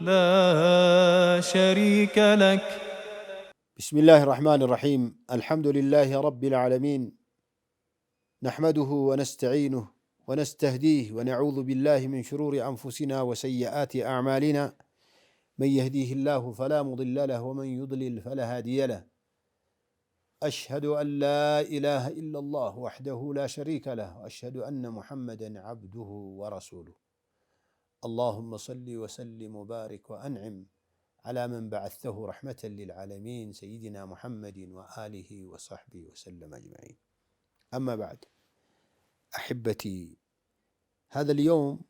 لا شريك لك بسم الله الرحمن الرحيم الحمد لله رب العالمين نحمده ونستعينه ونستهديه ونعوذ بالله من شرور انفسنا وسيئات اعمالنا من يهديه الله فلا مضل له ومن يضلل فلا هادي له اشهد ان لا اله الا الله وحده لا شريك له واشهد ان محمدا عبده ورسوله اللهم صل وسلم وبارك وانعم على من بعثته رحمه للعالمين سيدنا محمد واله وصحبه وسلم اجمعين. اما بعد احبتي هذا اليوم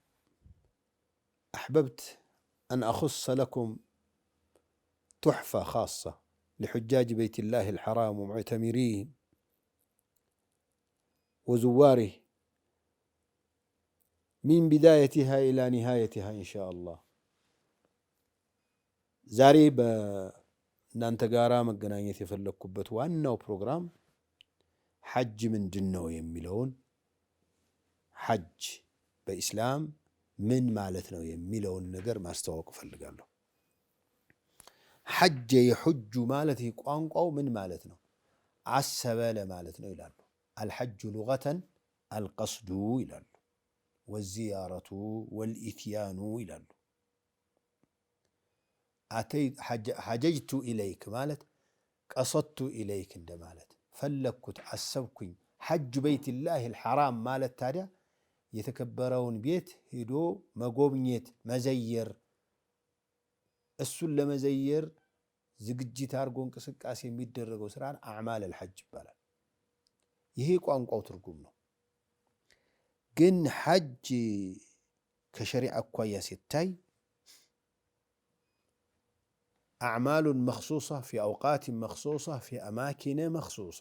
احببت ان اخص لكم تحفه خاصه لحجاج بيت الله الحرام ومعتمريه وزواره ሚን ቢዳየቲሃ ኢላ ኒሃየቲሃ ኢንሻአላህ። ዛሬ በእናንተ ጋራ መገናኘት የፈለግኩበት ዋናው ፕሮግራም ሐጅ ምንድን ነው የሚለውን ሐጅ በኢስላም ምን ማለት ነው የሚለውን ነገር ማስተዋወቅ እፈልጋለሁ። ሐጀ የሑጁ ማለት ቋንቋው ምን ማለት ነው? አሰበ ለማለት ነው ይላሉ። አልሐጁ ሉገተን አልቀስዱ ይላሉ። ወዚያረቱ ወልኢትያኑ ይላሉ። ሐጀጅቱ ኢለይክ ማለት ቀሰቱ ኢለይክ እንደማለት ፈለግኩት፣ አሰብኩኝ። ሐጁ በይትላህ ልሐራም ማለት ታዲያ የተከበረውን ቤት ሂዶ መጎብኘት፣ መዘየር፣ እሱን ለመዘየር ዝግጅት አድርጎ እንቅስቃሴ የሚደረገው ስራን አዕማል አልሐጅ ይባላል። ይሄ ቋንቋው ትርጉም ነው። ግን ሐጅ ከሸሪዓ አኳያ ሲታይ አዕማሉን መክሱሳ ፊ አውቃትን መክሱሳ ፊ አማኪነ መክሱሳ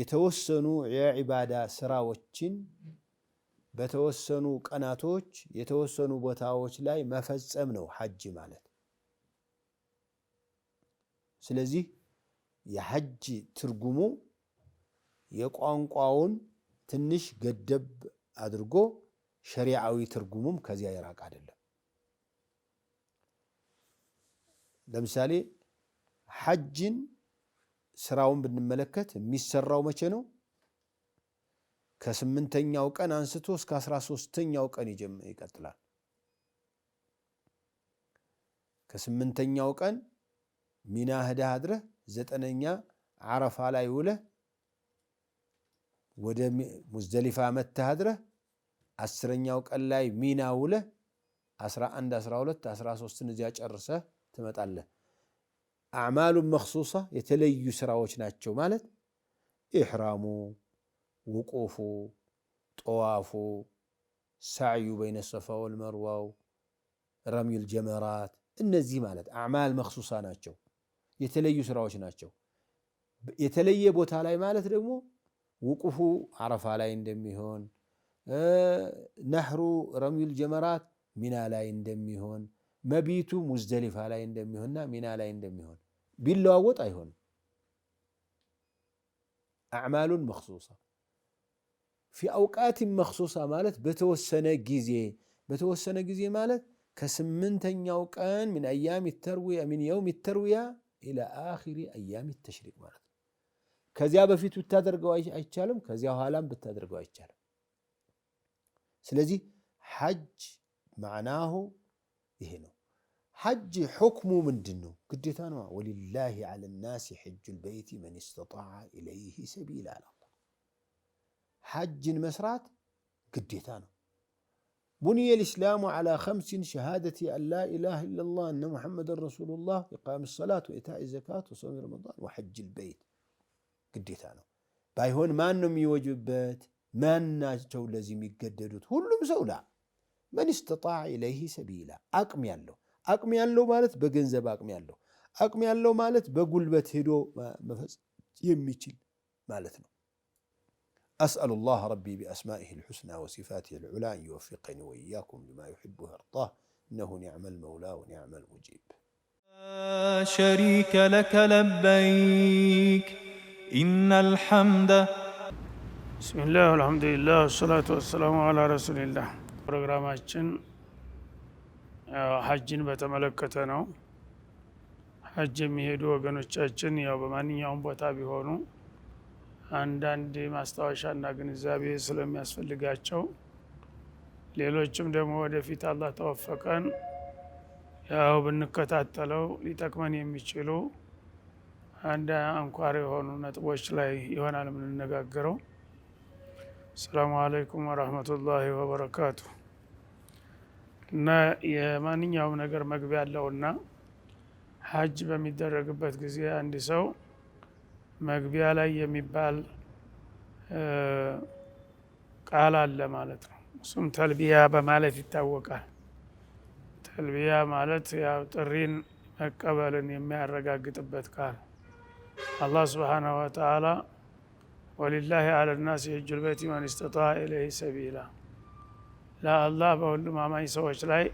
የተወሰኑ የዒባዳ ስራዎችን በተወሰኑ ቀናቶች የተወሰኑ ቦታዎች ላይ መፈጸም ነው ሐጅ ማለት። ስለዚህ የሐጅ ትርጉሙ የቋንቋውን ትንሽ ገደብ አድርጎ ሸሪዓዊ ትርጉሙም ከዚያ የራቅ አይደለም። ለምሳሌ ሐጅን ስራውን ብንመለከት የሚሰራው መቼ ነው? ከስምንተኛው ቀን አንስቶ እስከ አስራ ሶስተኛው ቀን ይቀጥላል። ከስምንተኛው ቀን ሚና ህዳህ አድረህ ዘጠነኛ ዓረፋ ላይ ውለህ ወደ ሙዝደሊፋ መተሃድረህ አስረኛው ቀን ላይ ሚና ውለህ 11 12 13ን እዚያ ጨርሰህ ትመጣለህ። አዕማሉን መክሱሳ የተለዩ ስራዎች ናቸው ማለት ኢሕራሙ፣ ውቁፉ፣ ጠዋፉ፣ ሳዕዩ በይነ ሰፋ ወልመርዋው፣ ረምዩል ጀመራት እነዚህ ማለት አዕማል መክሱሳ ናቸው፣ የተለዩ ስራዎች ናቸው። የተለየ ቦታ ላይ ማለት ደግሞ ውቁፉ አረፋ ላይ እንደሚሆን ነህሩ ረሚዩል ጀመራት ሚና ላይ እንደሚሆን መቢቱ ሙዝደሊፋ ላይ እንደሚሆንና ሚና ላይ እንደሚሆን ቢለዋወጥ አይሆንም። አዕማሉን መክሱሳ ፊ አውቃትን መክሱሳ ማለት በተወሰነ ጊዜ በተወሰነ ጊዜ ማለት ከስምንተኛው ቀን ምን አያም ተርዊያ ምን የውም ተርዊያ ኢላ አኺሪ አያም ተሽሪቅ ማለት ከዚያ በፊት ብታደርገው አይቻልም፣ ከዚያ ኋላም ብታደርገው አይቻልም። ስለዚህ ሐጅ ማዕናሁ ይሄ ነው። ሐጅ ሑክሙ ምንድን ነው? ግዴታ ነው። ወሊላሂ ዓለ ናሲ ሕጁ ልበይቲ መን ስተጣዐ ኢለይህ ሰቢላ አለ። ሐጅን መስራት ግዴታ ነው። ቡንየ ልእስላሙ ዓላ ከምሲን ሸሃደቲ አን ላ ኢላሃ ኢለላህ እነ ሙሐመድን ረሱሉላህ ኢቃም ሰላት ወኢታኢ ዘካት ወሶሚ ረመዳን ወሐጅ ልበይት ግዴታ ነው። ባይሆን ማን ነው የሚወጅበት? ማናቸው ለዚህ የሚገደዱት? ሁሉም ሰው ላ መን ስተጣዕ ኢለይህ ሰቢላ አቅም ያለው አቅም ያለው ማለት በገንዘብ አቅም ያለው አቅም ያለው ማለት በጉልበት ሄዶ መፈጸም የሚችል ማለት ነው። أسأل الله ربي بأسمائه الحسنى وصفاته العلى أن يوفقني وإياكم لما يحبه ويرضاه إنه نعم المولى ونعم المجيب. لا شريك لك لبيك إن الحمد بسم الله والحمد لله والصلاة والسلام على رسول الله ፕሮግራማችን ሀጅን በተመለከተ ነው። ሀጅ የሚሄዱ ወገኖቻችን ያው በማንኛውም ቦታ ቢሆኑ አንዳንድ ማስታወሻና ግንዛቤ ስለሚያስፈልጋቸው ሌሎችም ደግሞ ወደፊት አላህ ተወፈቀን ያው ብንከታተለው ሊጠቅመን የሚችሉ አንድ አንኳር የሆኑ ነጥቦች ላይ ይሆናል የምንነጋገረው። አሰላሙ አለይኩም ወራህመቱላሂ ወበረካቱ። እና የማንኛውም ነገር መግቢያ አለውና ሀጅ በሚደረግበት ጊዜ አንድ ሰው መግቢያ ላይ የሚባል ቃል አለ ማለት ነው። እሱም ተልቢያ በማለት ይታወቃል። ተልቢያ ማለት ያው ጥሪን መቀበልን የሚያረጋግጥበት ቃል አላህ ስብሓነሁ ወተዓላ ወሊላሂ አለናስ የእጁል በይት መን ስተጣ ኢለይህ ሰቢላ ለአላህ በሁሉም አማኝ ሰዎች ላይ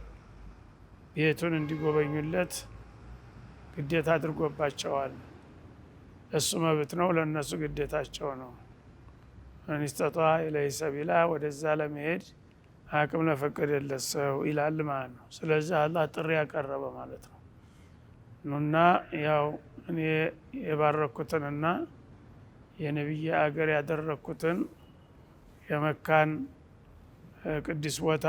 ቤቱን እንዲጎበኙለት ግዴታ አድርጎባቸዋል። እሱ መብት ነው፣ ለእነሱ ግዴታቸው ነው። መን ኢለይህ ሰቢላ ወደዛ ለመሄድ አቅም ለፈቀደለት ሰው ይላል ማለት ነው። ስለዚህ አላህ ጥሪ ያቀረበ ማለት ነው። ኑና ያው እኔ የባረኩትንና የነቢይ አገር ያደረኩትን የመካን ቅዱስ ቦታ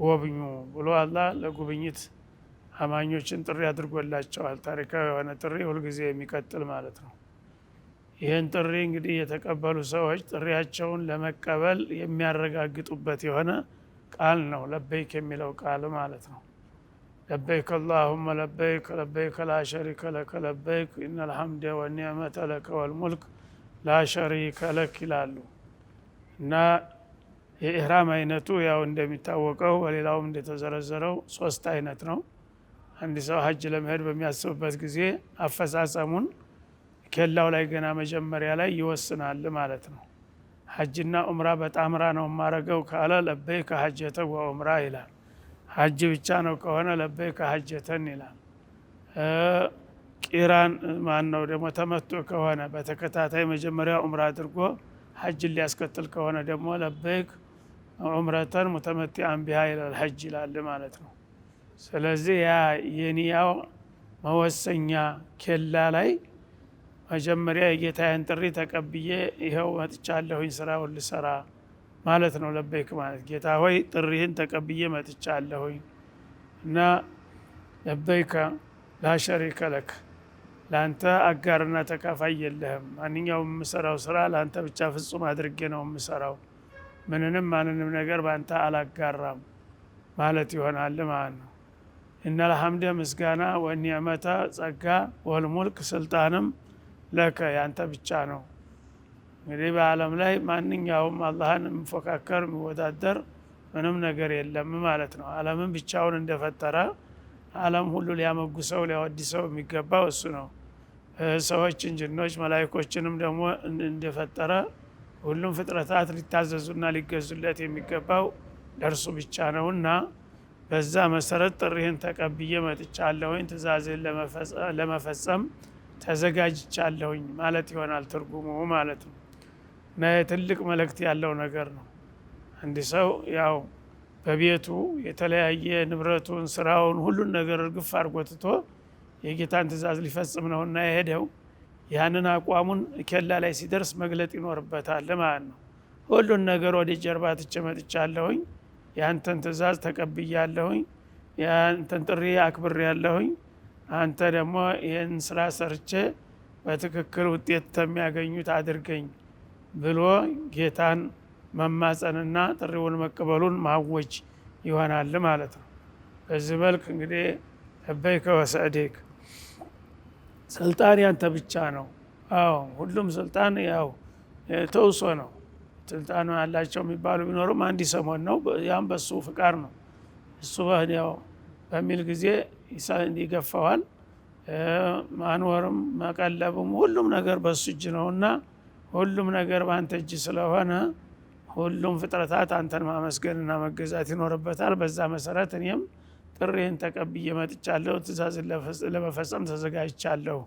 ጎብኙ ብሎ አላህ ለጉብኝት አማኞችን ጥሪ አድርጎላቸዋል። ታሪካዊ የሆነ ጥሪ ሁልጊዜ የሚቀጥል ማለት ነው። ይህን ጥሪ እንግዲህ የተቀበሉ ሰዎች ጥሪያቸውን ለመቀበል የሚያረጋግጡበት የሆነ ቃል ነው፣ ለበይክ የሚለው ቃል ማለት ነው። ለበይክ አላሁመ ለበይክ ለበይክ ላ ሸሪከ ለከ ለበይክ ኢነ ልሐምደ ወኒዕመተ ለከ ወልሙልክ ላ ሸሪከ ለክ ይላሉ እና የኢህራም አይነቱ ያው እንደሚታወቀው በሌላውም እንደተዘረዘረው ሶስት አይነት ነው። አንድ ሰው ሀጅ ለመሄድ በሚያስብበት ጊዜ አፈጻጸሙን ኬላው ላይ ገና መጀመሪያ ላይ ይወስናል ማለት ነው። ሀጅና ኡምራ በጣምራ ነው የማረገው ካለ ለበይከ ሀጀተ ወኡምራ ይላል። ሀጅ ብቻ ነው ከሆነ ለበይከ ሀጀተን ይላል። ቂራን ማን ነው ደግሞ ተመቶ ከሆነ በተከታታይ መጀመሪያ ዑምራ አድርጎ ሀጅን ሊያስከትል ከሆነ ደግሞ ለበይክ ዑምረተን ሙተመቲ አንቢሃ ይላል። ሀጅ ይላል ማለት ነው። ስለዚህ ያ የኒያው መወሰኛ ኬላ ላይ መጀመሪያ የጌታዬን ጥሪ ተቀብዬ ይኸው መጥቻለሁኝ ስራውን ልሰራ ማለት ነው። ለበይክ ማለት ጌታ ሆይ ጥሪህን ተቀብዬ መጥቻለሁኝ እና ለበይከ ላሸሪከ ለክ ለአንተ አጋርና ተካፋይ የለህም። ማንኛውም የምሰራው ስራ ለአንተ ብቻ ፍጹም አድርጌ ነው የምሰራው። ምንንም ማንንም ነገር በአንተ አላጋራም ማለት ይሆናል ማለት ነው። እና ለሐምደ ምስጋና ወኒዕመተ ጸጋ ወልሙልክ ስልጣንም ለከ ያንተ ብቻ ነው። እንግዲህ በአለም ላይ ማንኛውም አላህን የሚፎካከር የሚወዳደር ምንም ነገር የለም ማለት ነው። አለምን ብቻውን እንደፈጠረ አለም ሁሉ ሊያመጉሰው ሊያወድሰው የሚገባው እሱ ነው። ሰዎችን፣ ጅኖች፣ መላይኮችንም ደግሞ እንደፈጠረ ሁሉም ፍጥረታት ሊታዘዙና ሊገዙለት የሚገባው ለእርሱ ብቻ እና በዛ መሰረት ጥሪህን ተቀብዬ መጥቻለሁኝ፣ ትእዛዝህን ለመፈጸም ተዘጋጅቻለሁኝ ማለት ይሆናል ትርጉሙ ማለት ነው። ትልቅ መልእክት ያለው ነገር ነው። አንድ ሰው ያው በቤቱ የተለያየ ንብረቱን፣ ስራውን፣ ሁሉን ነገር እርግፍ አድርጎ ትቶ የጌታን ትእዛዝ ሊፈጽም ነውና የሄደው ያንን አቋሙን ኬላ ላይ ሲደርስ መግለጥ ይኖርበታል ማለት ነው። ሁሉን ነገር ወደ ጀርባ ትቼ መጥቻለሁኝ፣ የአንተን ትእዛዝ ተቀብያለሁኝ፣ የአንተን ጥሪ አክብሬያለሁኝ። አንተ ደግሞ ይህን ስራ ሰርቼ በትክክል ውጤት የሚያገኙት አድርገኝ ብሎ ጌታን መማፀንና ጥሪውን መቀበሉን ማወጅ ይሆናል ማለት ነው። በዚህ መልክ እንግዲህ ለበይከ ወሰዕዴክ ስልጣን ያንተ ብቻ ነው። አዎ ሁሉም ስልጣን ያው ተውሶ ነው። ስልጣኑ ያላቸው የሚባሉ ቢኖሩም አንድ ሰሞን ነው። ያም በሱ ፍቃድ ነው። እሱ ያው በሚል ጊዜ ይገፋዋል። ማንወርም መቀለብም ሁሉም ነገር በሱ እጅ ነውና ሁሉም ነገር በአንተ እጅ ስለሆነ ሁሉም ፍጥረታት አንተን ማመስገንና መገዛት ይኖርበታል። በዛ መሰረት እኔም ጥሬን ተቀብዬ መጥቻለሁ፣ ትእዛዝን ለመፈጸም ተዘጋጅቻለሁ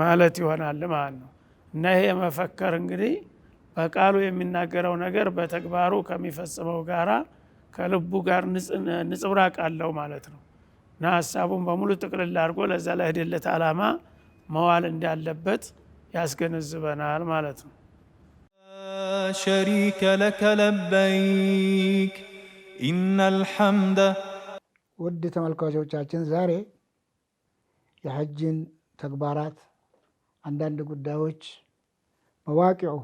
ማለት ይሆናል ማለት ነው። እና ይሄ የመፈከር እንግዲህ በቃሉ የሚናገረው ነገር በተግባሩ ከሚፈጽመው ጋራ ከልቡ ጋር ንጽብራቅ አለው ማለት ነው። እና ሀሳቡን በሙሉ ጥቅልል አድርጎ ለዛ ለህደለት ዓላማ መዋል እንዳለበት ያስገነዝበናል ማለት ነው። ሸሪከ ለከ ለበይክ ኢነል ሐምደ። ውድ ተመልካቾቻችን ዛሬ የሐጅን ተግባራት አንዳንድ ጉዳዮች መዋቂዑ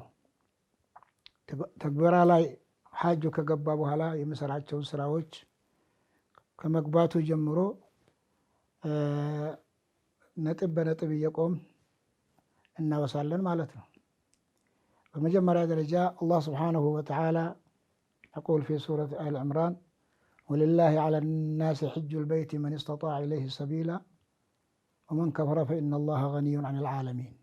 ተግበራ ላይ ሐጁ ከገባ በኋላ የሚሰራቸውን ስራዎች ከመግባቱ ጀምሮ ነጥብ በነጥብ እየቆም እናወሳለን ማለት ነው። በመጀመሪያ ደረጃ አላህ ስብሓነሁ ወተዓላ يقول في سورة آل عمران ولله على الناس حج البيت من استطاع إليه سبيلا ومن كفر فإن الله غني عن العالمين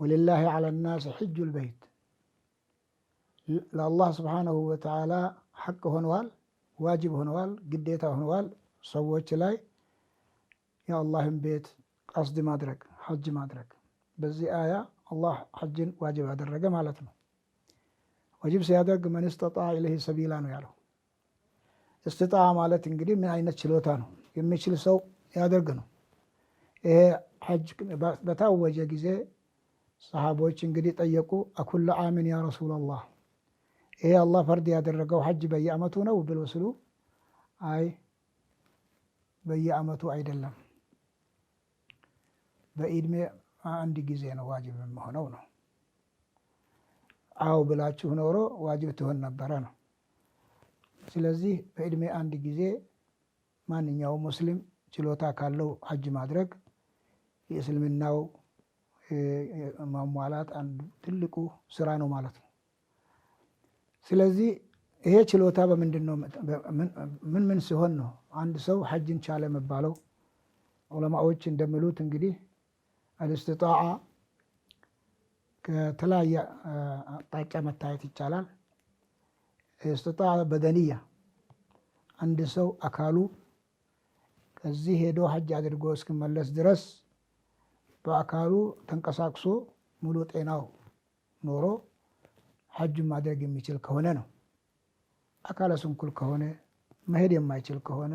ولله على الناس حج البيت ለአላህ ስብሓነሁ ወተዓላ ሐቅ ሆነዋል፣ ዋጅብ ሆነዋል፣ ግዴታ ሆነዋል ሰዎች ላይ የአላህን ቤት ቀስድ ማድረግ ሐጅ ማድረግ። በዚህ አያ አላህ ሐጅን ዋጅብ አደረገ ማለት ነው። ዋጅብ ሲያደርግ መን ስተጣ ኢለይህ ሰቢላ ነው ያለው። እስትጣ ማለት እንግዲህ ምን አይነት ችሎታ ነው የሚችል ሰው ያደርግ ነው። ይሄ ሐጅ በታወጀ ጊዜ ሰሃቦች እንግዲህ ጠየቁ፣ አኩለ አሚን ያ ረሱላላህ፣ ይሄ አላህ ፈርድ ያደረገው ሐጅ በየአመቱ ነው ብሎ ስሉ፣ አይ በየአመቱ አይደለም በኢድሜ አንድ ጊዜ ነው ዋጅብ የሚሆነው ነው። አው ብላችሁ ኖሮ ዋጅብ ትሆን ነበረ ነው። ስለዚህ በዕድሜ አንድ ጊዜ ማንኛውም ሙስሊም ችሎታ ካለው ሀጅ ማድረግ የእስልምናው ማሟላት አንዱ ትልቁ ስራ ነው ማለት ነው። ስለዚህ ይሄ ችሎታ በምንድን ነው? ምን ምን ሲሆን ነው አንድ ሰው ሀጅን ቻለ የሚባለው? ዑለማዎች እንደሚሉት እንግዲህ አልስትጣዓ ከተለያየ አቅጣጫ መታየት ይቻላል። ስትጣዓ በደንያ አንድ ሰው አካሉ ከዚህ ሄዶ ሀጅ አድርጎ እስክመለስ ድረስ በአካሉ ተንቀሳቅሶ ሙሉ ጤናው ኖሮ ሀጁን ማድረግ የሚችል ከሆነ ነው። አካለ ስንኩል ከሆነ መሄድ የማይችል ከሆነ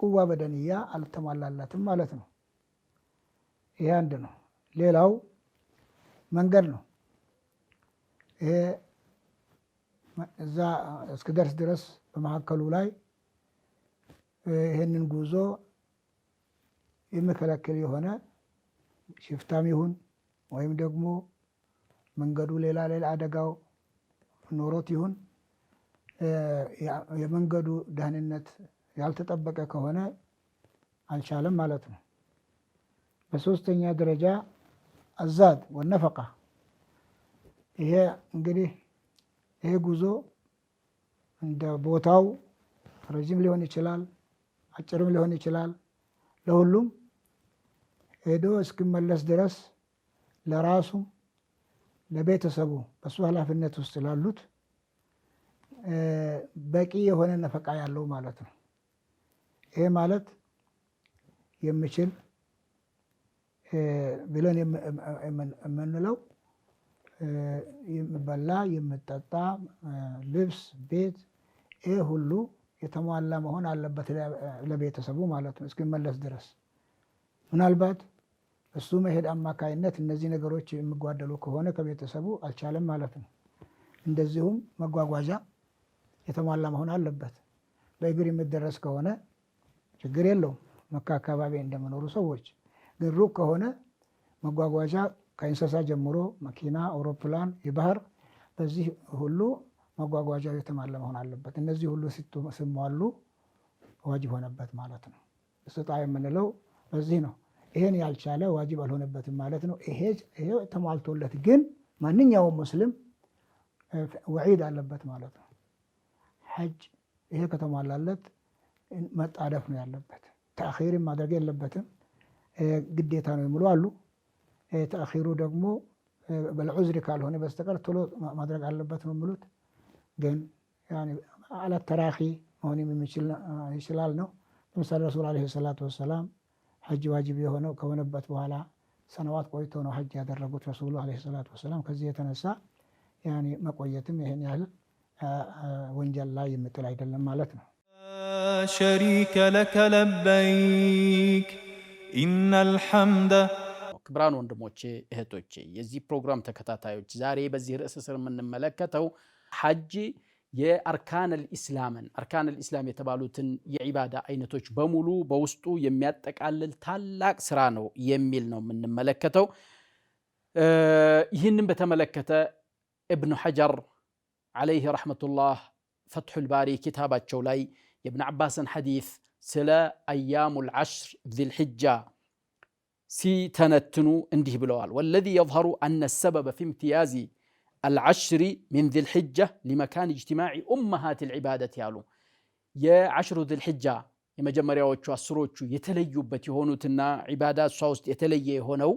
ቁዋ በደንያ አልተሟላለትም ማለት ነው። ይሄ አንድ ነው። ሌላው መንገድ ነው። ይሄ እዛ እስክደርስ ድረስ በመካከሉ ላይ ይህንን ጉዞ የሚከለክል የሆነ ሽፍታም ይሁን ወይም ደግሞ መንገዱ ሌላ ሌላ አደጋው ኖሮት ይሁን የመንገዱ ደህንነት ያልተጠበቀ ከሆነ አልቻለም ማለት ነው። በሶስተኛ ደረጃ አዛድ ወነፈቃ ይሄ እንግዲህ ይሄ ጉዞ እንደ ቦታው ረዥም ሊሆን ይችላል፣ አጭርም ሊሆን ይችላል። ለሁሉም ሄዶ እስኪመለስ ድረስ ለራሱ ለቤተሰቡ በሱ ኃላፊነት ውስጥ ላሉት በቂ የሆነ ነፈቃ ያለው ማለት ነው። ይሄ ማለት የሚችል ብለን የምንለው የሚበላ የሚጠጣ፣ ልብስ፣ ቤት ይህ ሁሉ የተሟላ መሆን አለበት ለቤተሰቡ ማለት ነው እስኪመለስ ድረስ። ምናልባት እሱ መሄድ አማካይነት እነዚህ ነገሮች የሚጓደሉ ከሆነ ከቤተሰቡ አልቻለም ማለት ነው። እንደዚሁም መጓጓዣ የተሟላ መሆን አለበት። በእግር የሚደረስ ከሆነ ችግር የለውም። መካ አካባቢ እንደሚኖሩ ሰዎች ግን ሩቅ ከሆነ መጓጓዣ ከእንስሳ ጀምሮ መኪና፣ አውሮፕላን፣ የባህር በዚህ ሁሉ መጓጓዣው የተሟላ መሆን አለበት። እነዚህ ሁሉ ሲሟሉ ዋጅብ ሆነበት ማለት ነው። ስጣ የምንለው በዚህ ነው። ይሄን ያልቻለ ዋጅብ አልሆነበትም ማለት ነው። ይሄ ተሟልቶለት ግን ማንኛውም ሙስሊም ወዒድ አለበት ማለት ነው። ሐጅ ይሄ ከተሟላለት መጣደፍ ነው ያለበት። ተአኺርም ማድረግ የለበትም። ግዴታ ነው የሚሉ አሉ። ተአኺሩ ደግሞ በልዑዝሪ ካልሆነ በስተቀር ቶሎ ማድረግ አለበት ነው የሚሉት። ግን አላት ተራኺ መሆንም ይችላል ነው። ለምሳሌ ረሱል ዓለይሂ ሰላቱ ወሰላም ሐጅ ዋጅብ የሆነው ከሆነበት በኋላ ሰነዋት ቆይቶ ነው ሐጅ ያደረጉት ረሱሉ ዓለይሂ ሰላቱ ወሰላም። ከዚህ የተነሳ መቆየትም ይህን ያህል ወንጀል ላይ የምጥል አይደለም ማለት ነው። ሸሪከ ለከ ለበይክ ኢነል ሐምደ ክብራን ወንድሞቼ እህቶቼ፣ የዚህ ፕሮግራም ተከታታዮች ዛሬ በዚህ ርዕስ ስር የምንመለከተው ሐጅ የአርካነል ኢስላምን አርካነል ኢስላም የተባሉትን የዒባዳ አይነቶች በሙሉ በውስጡ የሚያጠቃልል ታላቅ ስራ ነው የሚል ነው የምንመለከተው። ይህንን በተመለከተ እብኑ ሐጀር ዓለይህ ረሕመቱላህ ፈትሑል ባሪ ኪታባቸው ላይ የእብን ዓባስን ሐዲስ ስለ አያሙል ዐሽር ዚልሕጃ ሲተነትኑ እንዲህ ብለዋል። ወለዚ የظሀሩ አነ ሰበበ ፊ እምትያዚ አልዐሽሪ ሚን ዚልሕጃ ሊመካን እጅትማዒ ኡመሃት ልዕባደት ያሉ የዐሽሩ ዚልሕጃ የመጀመሪያዎቹ አስሮቹ የተለዩበት የሆኑትና ዒባዳ እሷ ውስጥ የተለየ የሆነው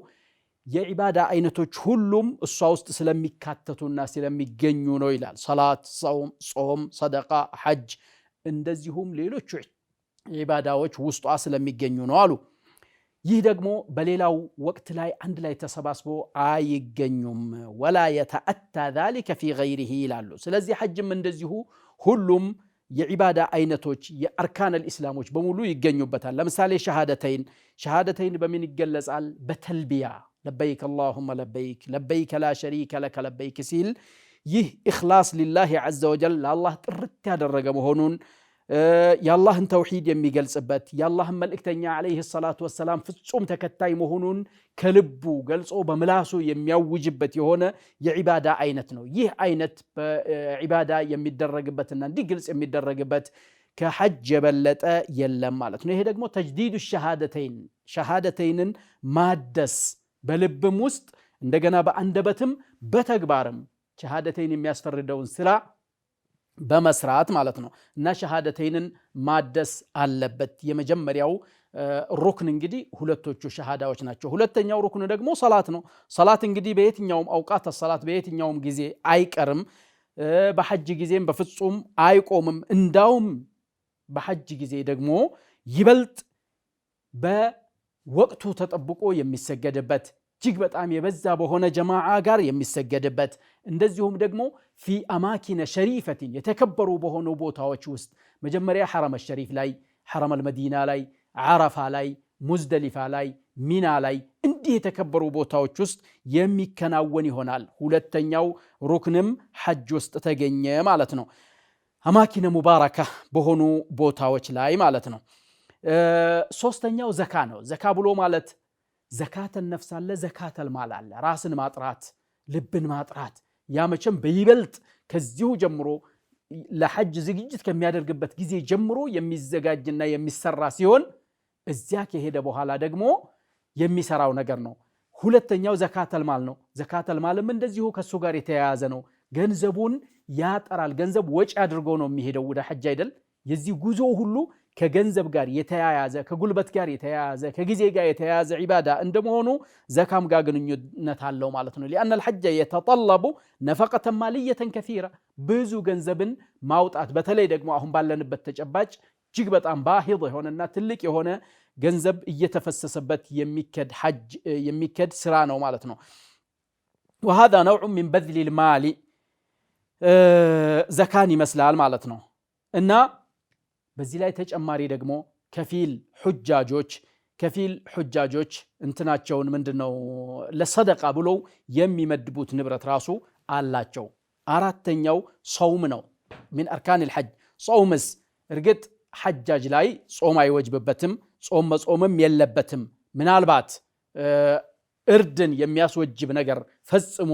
የዒባዳ አይነቶች ሁሉም እሷ ውስጥ ስለሚካተቱና ስለሚገኙ ነው ይላል። ሰላት፣ ጾም፣ ሰደቃ፣ ሐጅ እንደዚሁም ሌሎች ኢባዳዎች ውስጧ ስለሚገኙ ነው አሉ። ይህ ደግሞ በሌላው ወቅት ላይ አንድ ላይ ተሰባስቦ አይገኙም። ወላ የተአታ ዛሊከ ፊ ገይሪሂ ይላሉ። ስለዚህ ሐጅም እንደዚሁ ሁሉም የዒባዳ አይነቶች የአርካን ልእስላሞች በሙሉ ይገኙበታል። ለምሳሌ ሸሃደተይን ሸሃደተይን በምን ይገለጻል? በተልቢያ ለበይክ አላሁመ ለበይክ ለበይከ ላ ሸሪከ ለከ ለበይክ ሲል ይህ ኢኽላስ ሊላህ ዐዘ ወጀል ለአላህ ጥርት ያደረገ መሆኑን የአላህን ተውሂድ የሚገልጽበት የአላህን መልእክተኛ ዓለይህ ሰላቱ ወሰላም ፍጹም ተከታይ መሆኑን ከልቡ ገልጾ በምላሱ የሚያውጅበት የሆነ የዒባዳ አይነት ነው። ይህ አይነት በዒባዳ የሚደረግበትና እንዲህ ግልጽ የሚደረግበት ከሐጅ የበለጠ የለም ማለት ነው። ይሄ ደግሞ ተጅዲዱ ሸሃደተይን ሸሃደተይንን ማደስ በልብም ውስጥ እንደገና በአንደበትም በተግባርም ሸሃደተይን የሚያስፈርደውን ስራ በመስራት ማለት ነው እና ሸሃደተይንን ማደስ አለበት። የመጀመሪያው ሩክን እንግዲህ ሁለቶቹ ሸሃዳዎች ናቸው። ሁለተኛው ሩክን ደግሞ ሰላት ነው። ሰላት እንግዲህ በየትኛውም አውቃት ሰላት በየትኛውም ጊዜ አይቀርም። በሐጅ ጊዜም በፍጹም አይቆምም። እንዳውም በሐጅ ጊዜ ደግሞ ይበልጥ በወቅቱ ተጠብቆ የሚሰገድበት እጅግ በጣም የበዛ በሆነ ጀማዓ ጋር የሚሰገድበት እንደዚሁም ደግሞ ፊ አማኪነ ሸሪፈቲን የተከበሩ በሆኑ ቦታዎች ውስጥ መጀመሪያ ሐረመ ሸሪፍ ላይ፣ ሐረመ አልመዲና ላይ፣ ዓረፋ ላይ፣ ሙዝደሊፋ ላይ፣ ሚና ላይ እንዲህ የተከበሩ ቦታዎች ውስጥ የሚከናወን ይሆናል። ሁለተኛው ሩክንም ሐጅ ውስጥ ተገኘ ማለት ነው። አማኪነ ሙባረካ በሆኑ ቦታዎች ላይ ማለት ነው። ሶስተኛው ዘካ ነው። ዘካ ብሎ ማለት ዘካተን ነፍስ አለ፣ ዘካተል ማል አለ። ራስን ማጥራት ልብን ማጥራት ያ መቼም በይበልጥ ከዚሁ ጀምሮ ለሐጅ ዝግጅት ከሚያደርግበት ጊዜ ጀምሮ የሚዘጋጅና የሚሰራ ሲሆን እዚያ ከሄደ በኋላ ደግሞ የሚሰራው ነገር ነው። ሁለተኛው ማል ነው። ዘካተል ማልም እንደዚሁ ከእሱ ጋር የተያያዘ ነው። ገንዘቡን ያጠራል። ገንዘብ ወጪ አድርጎ ነው የሚሄደው ወደ ሐጅ አይደል? የዚህ ጉዞ ሁሉ ከገንዘብ ጋር የተያያዘ ከጉልበት ጋር የተያያዘ ከጊዜ ጋር የተያያዘ ዒባዳ እንደመሆኑ ዘካም ጋር ግንኙነት አለው ማለት ነው። ሊአነ ልሐጀ የተጠለቡ ነፈቀተን ማልየተን ከሲራ ብዙ ገንዘብን ማውጣት በተለይ ደግሞ አሁን ባለንበት ተጨባጭ እጅግ በጣም ባሂድ የሆነና ትልቅ የሆነ ገንዘብ እየተፈሰሰበት የሚከድ ሐጅ የሚከድ ስራ ነው ማለት ነው። ወሃዛ ነውዑ ሚን በዝሊል ማሊ ዘካን ይመስላል ማለት ነው እና በዚህ ላይ ተጨማሪ ደግሞ ከፊል ሑጃጆች ከፊል ሑጃጆች እንትናቸውን ምንድን ነው ለሰደቃ ብሎ የሚመድቡት ንብረት ራሱ አላቸው። አራተኛው ሰውም ነው። ሚን አርካን ልሐጅ ጾምስ፣ እርግጥ ሐጃጅ ላይ ጾም አይወጅብበትም፣ ጾም መጾምም የለበትም። ምናልባት እርድን የሚያስወጅብ ነገር ፈጽሞ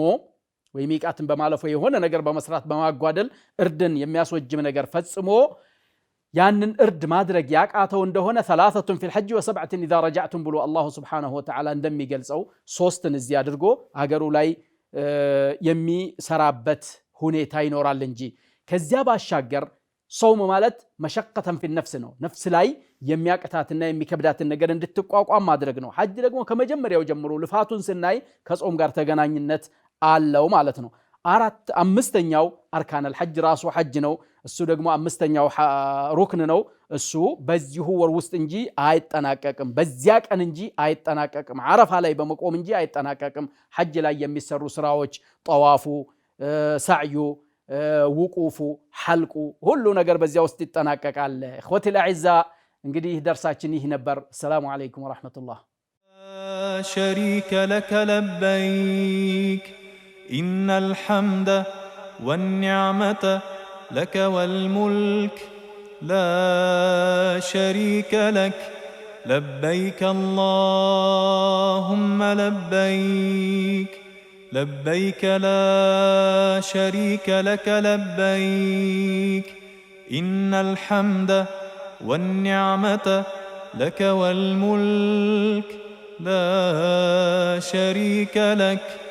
ወይ ሚቃትን በማለፎ የሆነ ነገር በመስራት በማጓደል እርድን የሚያስወጅብ ነገር ፈጽሞ ያንን እርድ ማድረግ ያቃተው እንደሆነ ሰላሰቱን ፊል ሐጅ ወሰብዐትን ኢዛ ረጃዕቱም ብሎ አላሁ ስብሓነሁ ወተዓላ እንደሚገልጸው ሶስትን እዚህ አድርጎ አገሩ ላይ የሚሰራበት ሁኔታ ይኖራል እንጂ ከዚያ ባሻገር ሰውም ማለት መሸቀተን ፊ ነፍስ ነው። ነፍስ ላይ የሚያቅታትና የሚከብዳትን ነገር እንድትቋቋም ማድረግ ነው። ሐጅ ደግሞ ከመጀመሪያው ጀምሮ ልፋቱን ስናይ ከጾም ጋር ተገናኝነት አለው ማለት ነው። አራት አምስተኛው አርካነል ሐጅ ራሱ ሐጅ ነው። እሱ ደግሞ አምስተኛው ሩክን ነው። እሱ በዚሁ ወር ውስጥ እንጂ አይጠናቀቅም፣ በዚያ ቀን እንጂ አይጠናቀቅም፣ አረፋ ላይ በመቆም እንጂ አይጠናቀቅም። ሐጅ ላይ የሚሰሩ ስራዎች ጠዋፉ፣ ሳዕዩ፣ ውቁፉ፣ ሐልቁ ሁሉ ነገር በዚያ ውስጥ ይጠናቀቃል። እኽወት ልአዕዛ እንግዲህ ደርሳችን ይህ ነበር። ሰላሙ አለይኩም ወረሕመቱላህ ሸሪከ ለከ ለበይክ إن الحمد والنعمة لك والملك لا شريك لك لبيك اللهم لبيك لبيك لا شريك لك لبيك إن الحمد والنعمة لك والملك لا شريك لك